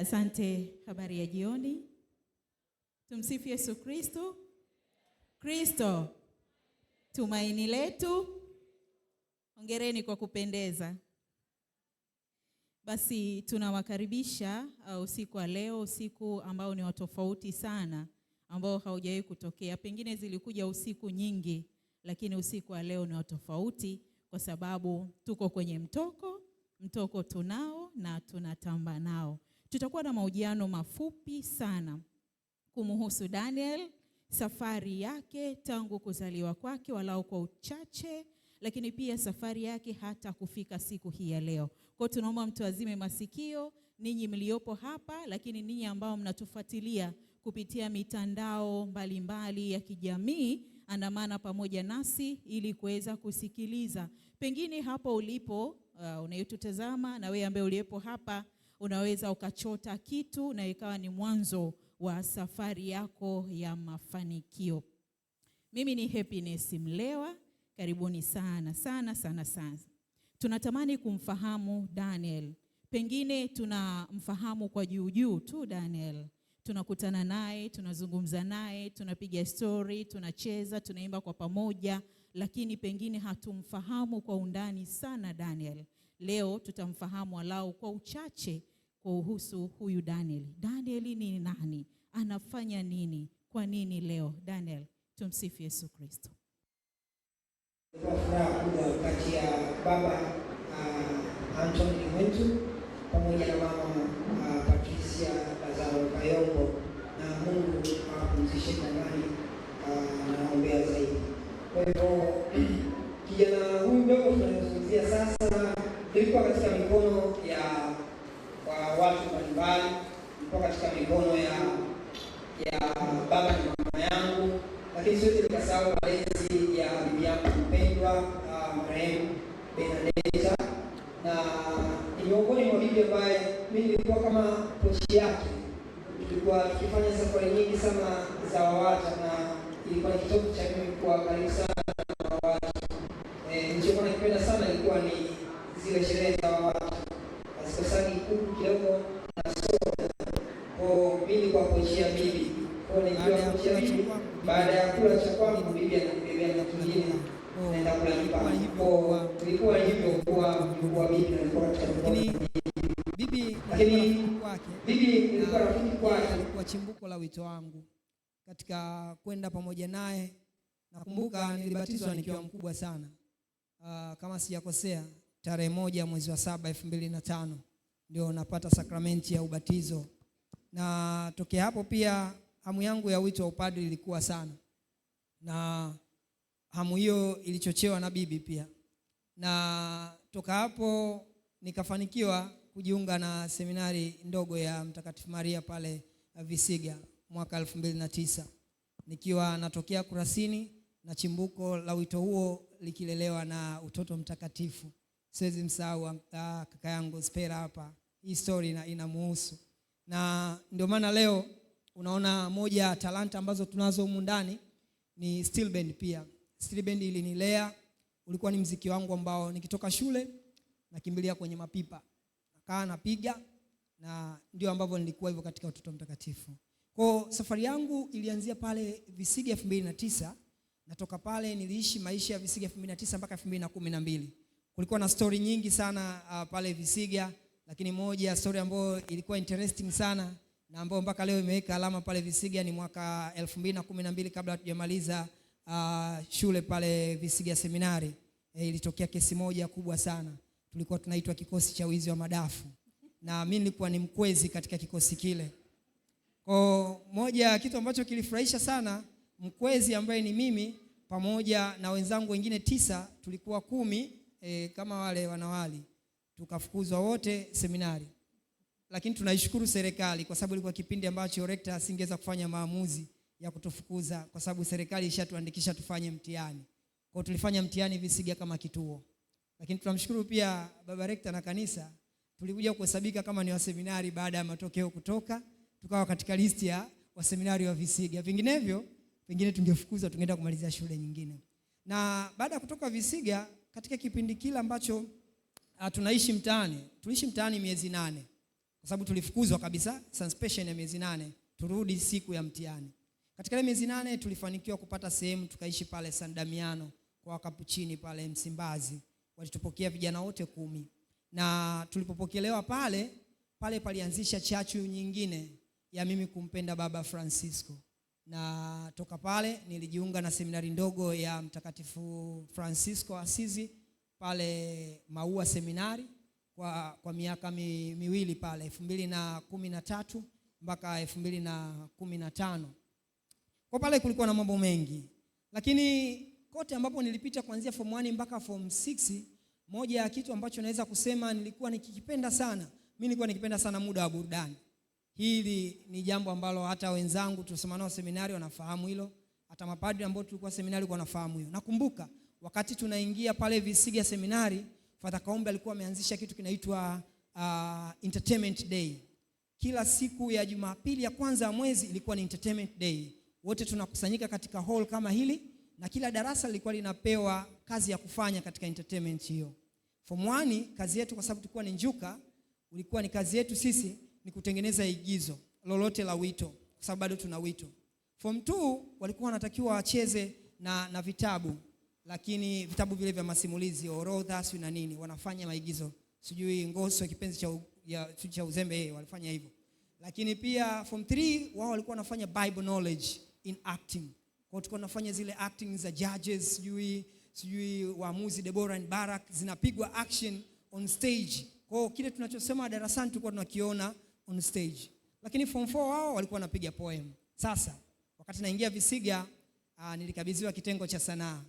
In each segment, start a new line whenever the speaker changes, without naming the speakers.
Asante, habari ya jioni. Tumsifu Yesu Kristo. Kristo tumaini letu. Hongereni kwa kupendeza. Basi tunawakaribisha usiku wa leo, usiku ambao ni wa tofauti sana, ambao haujawahi kutokea. Pengine zilikuja usiku nyingi, lakini usiku wa leo ni wa tofauti kwa sababu tuko kwenye mtoko. Mtoko tunao na tunatamba nao Tutakuwa na mahojiano mafupi sana kumhusu Daniel, safari yake tangu kuzaliwa kwake, walau kwa uchache, lakini pia safari yake hata kufika siku hii ya leo. Kwa hiyo tunaomba mtu azime masikio, ninyi mliopo hapa, lakini ninyi ambao mnatufuatilia kupitia mitandao mbalimbali mbali ya kijamii, andamana pamoja nasi ili kuweza kusikiliza. Pengine hapo ulipo, uh, unayotutazama na wewe ambaye uliyepo hapa unaweza ukachota kitu na ikawa ni mwanzo wa safari yako ya mafanikio. Mimi ni Happiness Mlewa, karibuni sana sana sana sana. Tunatamani kumfahamu Daniel, pengine tunamfahamu kwa juu juu tu. Daniel tunakutana naye, tunazungumza naye, tunapiga stori, tunacheza, tunaimba kwa pamoja, lakini pengine hatumfahamu kwa undani sana Daniel. Leo tutamfahamu walau kwa uchache kuhusu huyu Daniel. Daniel ni nani? Anafanya nini? Kwa nini leo Daniel? Tumsifu Yesu Kristo.
Furaha kubwa kati ya baba uh, Anthony wetu nyingi sana za WAWATA na ilikuwa ni kitovu cha mimi kuwa karibu sana na WAWATA. E, nilichokuwa nakipenda sana ilikuwa ni zile sherehe za WAWATA asikosani kuku kidogo na soda ko mimi kwa kuachia bibi ko nikiwa kuchia bibi, baada ya kula cha kwangu bibi anakubebea na kingine oh. naenda kula kipa ko ilikuwa hivyo kuwa mkuu wa bibi na nilikuwa
katika chimbuko la wito wangu katika kwenda pamoja naye. Nakumbuka nilibatizwa nikiwa mkubwa sana uh, kama sijakosea tarehe moja mwezi wa saba elfu mbili na tano ndio napata sakramenti ya ubatizo, na tokea hapo pia hamu yangu ya wito wa upadri ilikuwa sana, na hamu hiyo ilichochewa na bibi pia, na toka hapo nikafanikiwa kujiunga na seminari ndogo ya Mtakatifu Maria pale Visiga mwaka 2009 nikiwa natokea Kurasini na chimbuko la wito huo likilelewa na utoto mtakatifu. Siwezi msahau uh, kaka yangu Spera hapa, hii story inamuhusu na, na ndio maana leo unaona moja ya talanta ambazo tunazo humu ndani ni steel band. Pia steel band ilinilea, ulikuwa ni mziki wangu ambao nikitoka shule nakimbilia kwenye mapipa nakaa napiga na ndio ambavyo nilikuwa hivyo katika utoto mtakatifu. Kwa safari yangu ilianzia pale Visigi 2009 na toka pale niliishi maisha ya Visiga 2009 mpaka 2012. Kulikuwa na story nyingi sana uh, pale Visiga, lakini moja ya story ambayo ilikuwa interesting sana na ambayo mpaka leo imeweka alama pale Visiga ni mwaka 2012 kabla hatujamaliza uh, shule pale Visiga seminari. E, ilitokea kesi moja kubwa sana, tulikuwa tunaitwa kikosi cha wizi wa madafu na mimi nilikuwa ni mkwezi katika kikosi kile. Kwa moja ya kitu ambacho kilifurahisha sana, mkwezi ambaye ni mimi pamoja na wenzangu wengine tisa, tulikuwa kumi e, kama wale wanawali, tukafukuzwa wote seminari. Lakini tunaishukuru serikali kwa sababu ilikuwa kipindi ambacho rekta asingeweza kufanya maamuzi ya kutufukuza kwa sababu serikali ishatuandikisha tufanye mtihani. Kwa tulifanya mtihani Visiga kama kituo. Lakini tunamshukuru pia baba rekta na kanisa tulikuja kuhesabika kama ni waseminari baada ya matokeo kutoka, tukawa katika listi ya waseminari wa Visiga. Vinginevyo pengine tungefukuzwa, tungeenda kumalizia shule nyingine. Na baada ya kutoka Visiga, katika kipindi kile ambacho ah, tunaishi mtaani, tuliishi mtaani miezi nane kwa sababu tulifukuzwa kabisa suspension ya miezi nane, turudi siku ya mtihani. Katika ile miezi nane tulifanikiwa kupata sehemu tukaishi pale San Damiano kwa Wakapuchini pale Msimbazi, walitupokea vijana wote kumi na tulipopokelewa pale pale, palianzisha chachu nyingine ya mimi kumpenda Baba Francisco, na toka pale nilijiunga na seminari ndogo ya Mtakatifu Francisco Asizi pale Maua seminari kwa, kwa miaka mi, miwili pale elfu mbili na kumi na tatu mpaka elfu mbili na kumi na tano Kwa pale kulikuwa na mambo mengi, lakini kote ambapo nilipita kuanzia form 1 mpaka form moja ya kitu ambacho naweza kusema nilikuwa nikikipenda sana, mimi nilikuwa nikipenda sana muda wa burudani. Hili ni jambo ambalo hata wenzangu tulisoma nao seminari wanafahamu hilo, hata mapadri ambao tulikuwa seminari kwa wanafahamu hilo. Nakumbuka wakati tunaingia pale Visiga seminari, Fata Kaombe alikuwa ameanzisha kitu kinaitwa uh, entertainment day. Kila siku ya Jumapili ya kwanza ya mwezi ilikuwa ni entertainment day, wote tunakusanyika katika hall kama hili, na kila darasa lilikuwa linapewa kazi ya kufanya katika entertainment hiyo Form 1 kazi yetu kwa sababu tulikuwa ni njuka, ulikuwa ni kazi yetu sisi ni kutengeneza igizo lolote la wito, kwa sababu bado tuna wito. Form 2 walikuwa wanatakiwa wacheze na, na vitabu lakini vitabu vile vya masimulizi orodha, si na nini, wanafanya maigizo, sijui ngoso kipenzi cha, ya, cha uzembe eh, walifanya hivyo. Lakini pia form 3 wao walikuwa wanafanya Bible knowledge in acting, kwa tulikuwa tunafanya zile acting za judges sijui sijui waamuzi Deborah and Barak, zinapigwa action on stage. Kwa hiyo kile tunachosema darasani tulikuwa tunakiona on stage, lakini form 4 wao walikuwa wanapiga poem. Sasa wakati naingia Visiga, aa, ah, nilikabidhiwa kitengo cha sanaa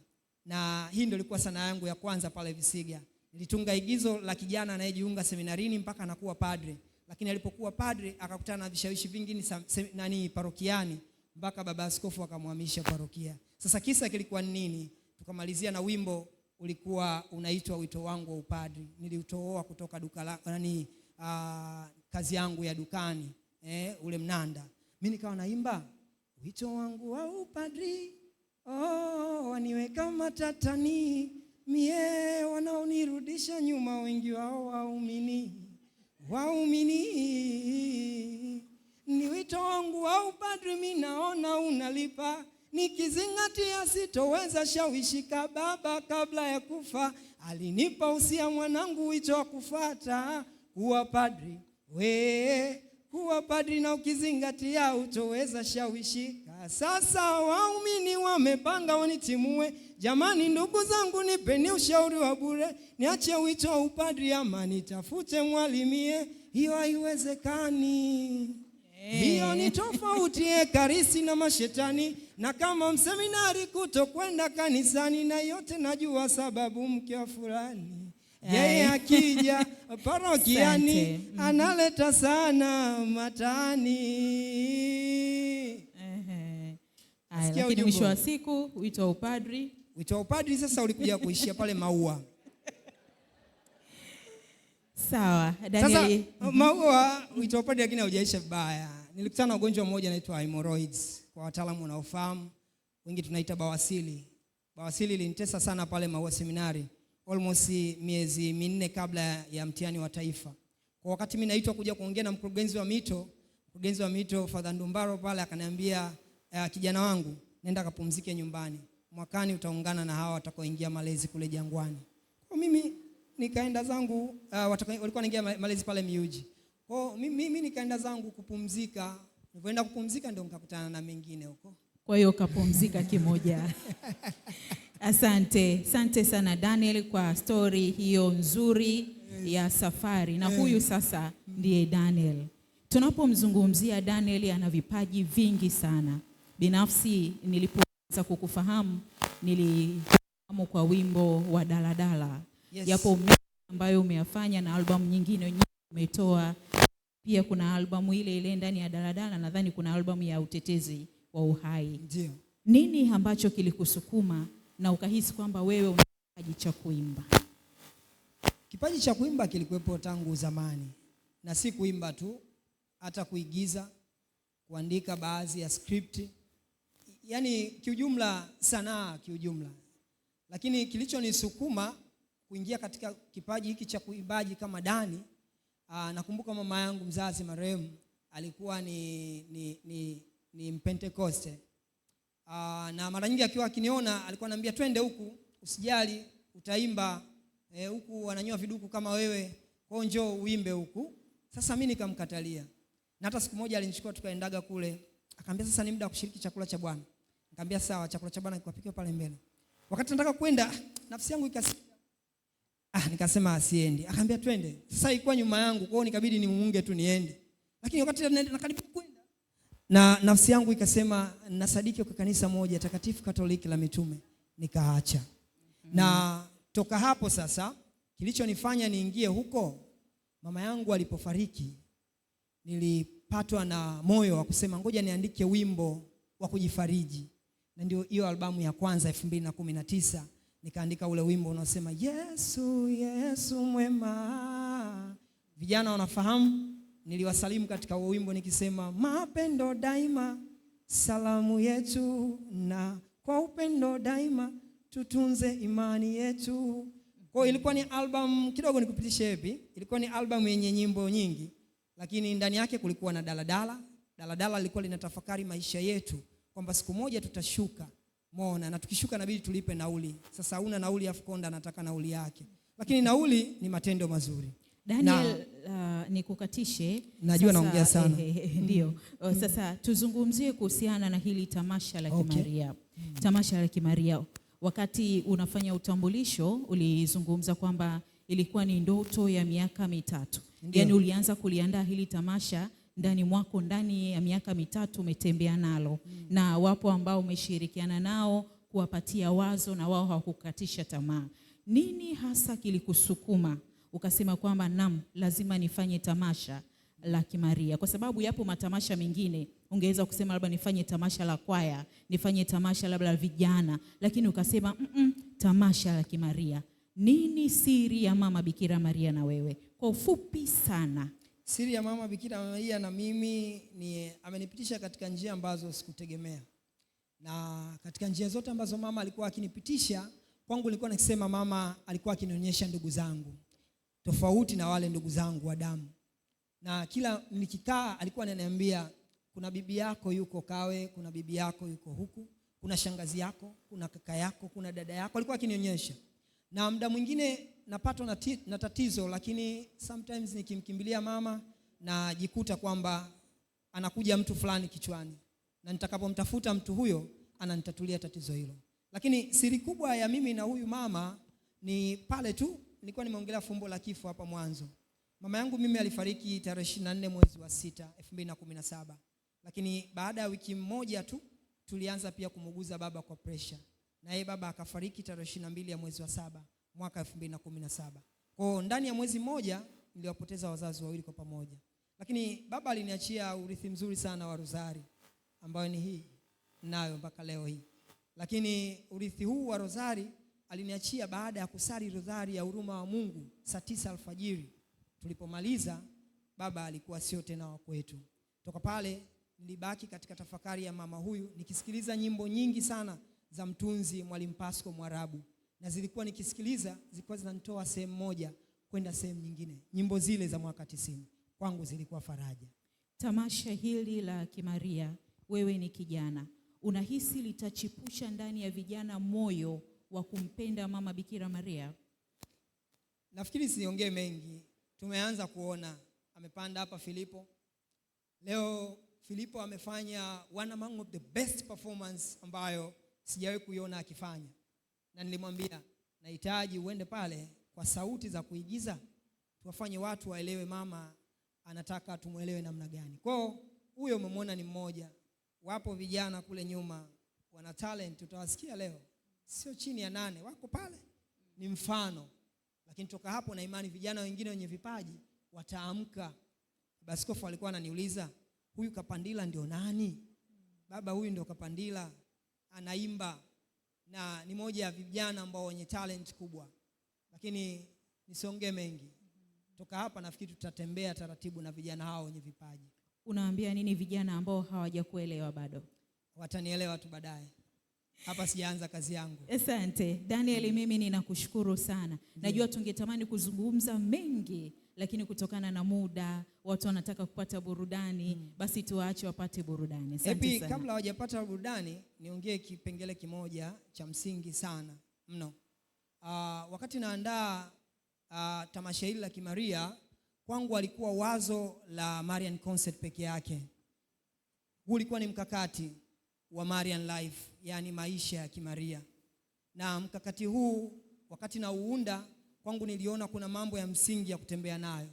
na hii ndio ilikuwa sanaa yangu ya kwanza pale Visiga. Nilitunga igizo la kijana anayejiunga seminarini mpaka anakuwa padre, lakini alipokuwa padre akakutana na vishawishi vingi ni nani parokiani, mpaka baba askofu akamhamisha parokia. Sasa kisa kilikuwa nini? tukamalizia na wimbo ulikuwa unaitwa wito wangu wa upadri, niliutooa kutoka duka la nani, aa, ah, kazi yangu ya dukani eh, ule mnanda. Mimi nikawa naimba wito wangu wa upadri, oh, waniweka matatani mie, wanaonirudisha nyuma, wengi wao waumini nikizingatia sitoweza shawishika. Baba kabla ya kufa alinipa usia mwanangu, wito wa kufata kuwa padri, we kuwa padri, na ukizingatia utoweza shawishika. Sasa waumini wamepanga wanitimue. Jamani ndugu zangu, nipeni ushauri wa bure, niache wito wa upadri ama nitafute mwalimie? Hiyo haiwezekani hiyo ni tofauti eh, karisi na mashetani, na kama mseminari kutokwenda kanisani, na yote najua sababu mke wa fulani eh. yeye akija parokiani mm. analeta sana matani. Lakini mwisho wa siku wito wa upadri, wito wa upadri sasa ulikuja kuishia pale maua Sawa, Daniel. Sasa uh, maua wito wa padri lakini haujaisha vibaya. Nilikutana na ugonjwa mmoja unaitwa hemorrhoids. Kwa wataalamu wanaofahamu, wengi tunaita bawasili. Bawasili ilinitesa sana pale Maua Seminari almost miezi minne kabla ya mtihani wa taifa. Kwa wakati mimi naitwa kuja kuongea na mkurugenzi wa mito, mkurugenzi wa mito Father Ndumbaro pale akaniambia, uh, kijana wangu nenda kapumzike nyumbani. Mwakani utaungana na hawa watakaoingia malezi kule jangwani nikaenda zangu uh, walikuwa naingia malezi pale miuji. Kwa mimi, nikaenda zangu kupumzika. Nilipoenda kupumzika ndio nikakutana na mengine huko. Kwa hiyo kapumzika kimoja. Asante, asante sana Daniel kwa stori hiyo nzuri ya safari na Huyu sasa ndiye Daniel. Tunapomzungumzia Daniel, ana vipaji vingi sana. Binafsi nilipoanza kukufahamu nilifahamu kwa wimbo wa daladala yes. Yapo ambayo umeyafanya na albamu nyingine umetoa pia. Kuna albamu ile ile ndani ya daladala, nadhani kuna albamu ya utetezi wa uhai. Ndio. Nini ambacho kilikusukuma na ukahisi kwamba wewe una kipaji cha kuimba? Kipaji cha kuimba kilikuwepo tangu zamani, na si kuimba tu, hata kuigiza, kuandika baadhi ya script, yaani kiujumla sanaa kiujumla, lakini kilichonisukuma kuingia katika kipaji hiki cha kuimbaji kama Dani. Aa, ah, nakumbuka mama yangu mzazi marehemu alikuwa ni, ni, ni, ni Mpentekoste. Aa, ah, na mara nyingi akiwa akiniona alikuwa anambia twende huku, usijali utaimba eh, huku, e, wananyoa viduku kama wewe, kwa hiyo njoo uimbe huku. Sasa mimi nikamkatalia, na hata siku moja alinichukua tukaendaga kule, akaambia sasa ni muda wa kushiriki chakula cha Bwana. Nikamwambia sawa, chakula cha Bwana kikapikwa pale mbele. Wakati nataka kwenda nafsi yangu ikasi Ah, nikasema asiende. Akaambia twende. Sasa ilikuwa nyuma yangu, kwa hiyo nikabidi nimuunge tu niende. Lakini wakati naenda nakaribia kwenda. Na nafsi yangu ikasema nasadiki kwa kanisa moja takatifu Katoliki la mitume, nikaacha. Mm -hmm. Na toka hapo sasa kilichonifanya niingie huko, mama yangu alipofariki, nilipatwa na moyo wa kusema ngoja niandike wimbo wa kujifariji, na ndio hiyo albamu ya kwanza 2019 nikaandika ule wimbo unaosema Yesu, Yesu mwema. Vijana wanafahamu, niliwasalimu katika huo wimbo nikisema, mapendo daima salamu yetu, na kwa upendo daima tutunze imani yetu. Kwa ilikuwa ni album kidogo, nikupitishe hivi, ilikuwa ni album yenye nyimbo nyingi, lakini ndani yake kulikuwa na daladala. Daladala lilikuwa linatafakari maisha yetu kwamba siku moja tutashuka Umeona? Na tukishuka nabidi tulipe nauli. Sasa huna nauli afu konda anataka nauli yake. Lakini nauli ni matendo mazuri. Daniel na, uh, nikukatishe. Najua naongea sana. Eh, eh, eh, ndio. Mm. Oh, sasa tuzungumzie kuhusiana na hili tamasha la okay, Kimaria. Mm. Tamasha la Kimaria. Wakati unafanya utambulisho ulizungumza kwamba ilikuwa ni ndoto ya miaka mitatu. Yaani ulianza kuliandaa hili tamasha ndani mwako ndani ya miaka mitatu umetembea nalo mm. na wapo ambao umeshirikiana nao kuwapatia wazo na wao hawakukatisha tamaa. Nini hasa kilikusukuma ukasema kwamba nam, lazima nifanye tamasha la Kimaria? Kwa sababu yapo matamasha mengine ungeweza kusema labda nifanye tamasha la kwaya, nifanye tamasha labda la vijana, lakini ukasema mm -mm, tamasha la Kimaria. Nini siri ya mama Bikira Maria na wewe kwa ufupi sana? Siri ya mama Bikira Maria na mimi ni amenipitisha katika njia ambazo sikutegemea, na katika njia zote ambazo mama alikuwa akinipitisha kwangu, nilikuwa nikisema mama alikuwa akinionyesha ndugu zangu tofauti na wale ndugu zangu wa damu, na kila nikikaa alikuwa ananiambia kuna bibi yako yuko Kawe, kuna bibi yako yuko huku, kuna shangazi yako, kuna kaka yako, kuna dada yako, alikuwa akinionyesha na muda mwingine napatwa na, na tatizo, lakini sometimes nikimkimbilia mama najikuta kwamba anakuja mtu fulani kichwani, na nitakapomtafuta mtu huyo ananitatulia tatizo hilo. Lakini siri kubwa ya mimi na huyu mama ni pale tu nilikuwa nimeongelea fumbo la kifo hapa mwanzo. Mama yangu mimi alifariki tarehe 24 mwezi wa sita 2017, lakini baada ya wiki moja tu tulianza pia kumuguza baba kwa pressure na yeye baba akafariki tarehe ishirini mbili ya mwezi wa saba mwaka 2017. Kwao ndani ya mwezi mmoja niliwapoteza wazazi wawili kwa pamoja, lakini baba aliniachia urithi mzuri sana wa rozari ambayo ni hii nayo mpaka leo hii. Lakini urithi huu wa rozari aliniachia baada ya kusali rozari ya huruma wa Mungu saa tisa alfajiri. Tulipomaliza baba alikuwa sio tena wa kwetu. Toka pale nilibaki katika tafakari ya mama huyu nikisikiliza nyimbo nyingi sana za mtunzi Mwalimu Pasco Mwarabu, na zilikuwa nikisikiliza, zilikuwa zinanitoa sehemu moja kwenda sehemu nyingine. Nyimbo zile za mwaka tisini kwangu zilikuwa faraja. Tamasha hili la Kimaria, wewe ni kijana, unahisi litachipusha ndani ya vijana moyo wa kumpenda Mama Bikira Maria? Nafikiri siongee mengi, tumeanza kuona amepanda hapa Filipo leo. Filipo amefanya one among the best performance ambayo sijawahi kuiona akifanya, na nilimwambia nahitaji uende pale kwa sauti za kuigiza, tuwafanye watu waelewe mama anataka tumwelewe namna gani. Kwao huyo umemwona ni mmoja, wapo vijana kule nyuma wana talent, utawasikia leo, sio chini ya nane wako pale, ni mfano. Lakini toka hapo na imani vijana wengine wenye vipaji wataamka. Baba Askofu alikuwa ananiuliza huyu Kapandila ndio nani? Baba, huyu ndio Kapandila anaimba na ni moja ya vijana ambao wenye talent kubwa, lakini nisongee mengi toka hapa, nafikiri tutatembea taratibu na vijana hao wenye vipaji. Unawaambia nini vijana ambao hawajakuelewa bado? Watanielewa tu baadaye, hapa sijaanza kazi yangu. Asante Daniel, mm. mimi ninakushukuru sana. Najua tungetamani kuzungumza mengi lakini kutokana na muda watu wanataka kupata burudani mm. Basi tuwaache wapate burudani. Asante sana. Kabla hawajapata burudani, niongee kipengele kimoja cha msingi sana mno. Uh, wakati naandaa uh, tamasha hili la Kimaria kwangu alikuwa wazo la Marian concert peke yake. Huu ulikuwa ni mkakati wa Marian Life, yani maisha ya Kimaria, na mkakati huu wakati na uunda kwangu niliona kuna mambo ya msingi ya kutembea nayo,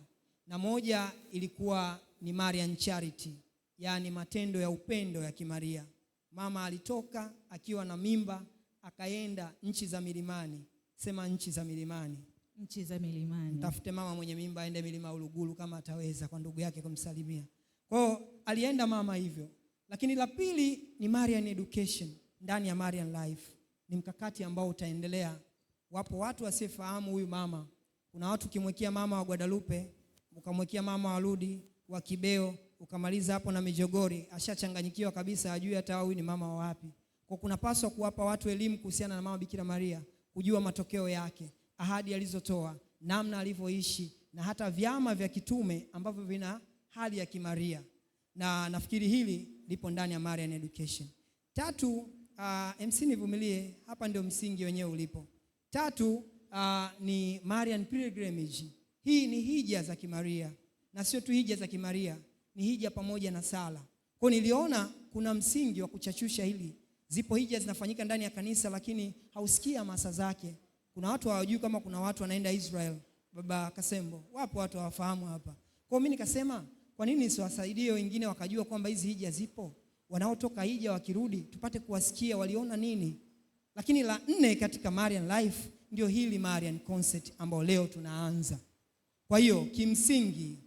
na moja ilikuwa ni Marian Charity, yaani matendo ya upendo ya Kimaria. Mama alitoka akiwa na mimba akaenda nchi za milimani. Sema nchi za milimani, nchi za milimani. Tafute mama mwenye mimba aende milima Uluguru kama ataweza, kwa ndugu yake kumsalimia. Kwao alienda mama hivyo, lakini la pili ni Marian Education. Ndani ya Marian Life ni mkakati ambao utaendelea Wapo watu wasifahamu huyu mama. Kuna watu ukimwekea mama wa Guadalupe, ukamwekea mama wa Rudi, wa Kibeo, ukamaliza hapo na Mijogori, ashachanganyikiwa kabisa, ajui hata huyu ni mama wa wapi. Kwa kuna paswa kuwapa watu elimu kuhusiana na mama Bikira Maria, kujua matokeo yake, ahadi alizotoa, namna alivyoishi na hata vyama vya kitume ambavyo vina hali ya kimaria, na nafikiri hili lipo ndani ya Marian Education. Tatu, uh, ah, MC nivumilie, hapa ndio msingi wenyewe ulipo. Tatu, uh, ni Marian pilgrimage. Hii ni hija za Kimaria, na sio tu hija za Kimaria, ni hija pamoja na sala. Kwa niliona kuna msingi wa kuchachusha hili. Zipo hija zinafanyika ndani ya kanisa, lakini hausikia masa zake. Kuna watu hawajui kama kuna watu wanaenda Israel, baba Kasembo, wapo watu hawafahamu hapa. Kwa mimi nikasema kwa nini siwasaidie wengine wakajua kwamba hizi hija zipo, wanaotoka hija wakirudi tupate kuwasikia waliona nini lakini la nne katika Marian Life ndio hili Marian Concert ambao leo tunaanza. Kwa hiyo kimsingi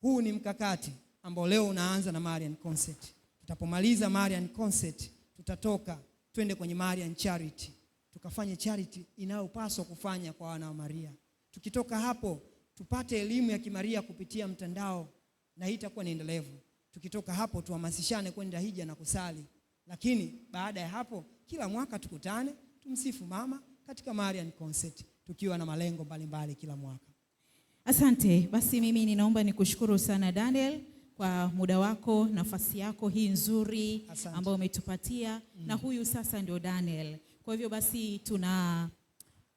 huu ni mkakati ambao leo unaanza na Marian Concert. Tutapomaliza Marian Concert, tutatoka twende kwenye Marian Charity tukafanye charity inayopaswa kufanya kwa wana wa Maria. Tukitoka hapo tupate elimu ya kimaria kupitia mtandao na hii itakuwa ni endelevu. Tukitoka hapo tuhamasishane kwenda hija na kusali. Lakini baada ya hapo, kila mwaka tukutane, tumsifu mama katika Marian Concert, tukiwa na malengo mbalimbali kila mwaka. Asante. Basi mimi ninaomba nikushukuru sana Daniel kwa muda wako, nafasi yako hii nzuri ambayo umetupatia mm. Na huyu sasa ndio Daniel. Kwa hivyo basi tuna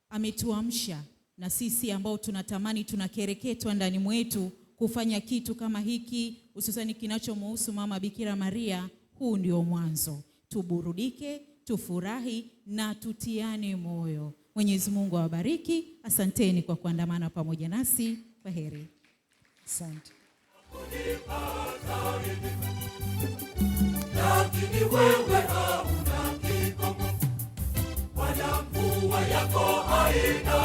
ametuamsha na sisi ambao tunatamani tunakereketwa ndani mwetu kufanya kitu kama hiki, hususani kinachomhusu mama Bikira Maria huu ndio mwanzo, tuburudike, tufurahi na tutiane moyo. Mwenyezi Mungu awabariki. Asanteni kwa kuandamana pamoja nasi. Kwa heri, asante. Lakini wewe hauna kikomo, wala mvua yako haina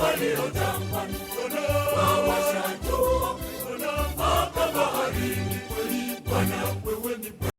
waliotangulia bahari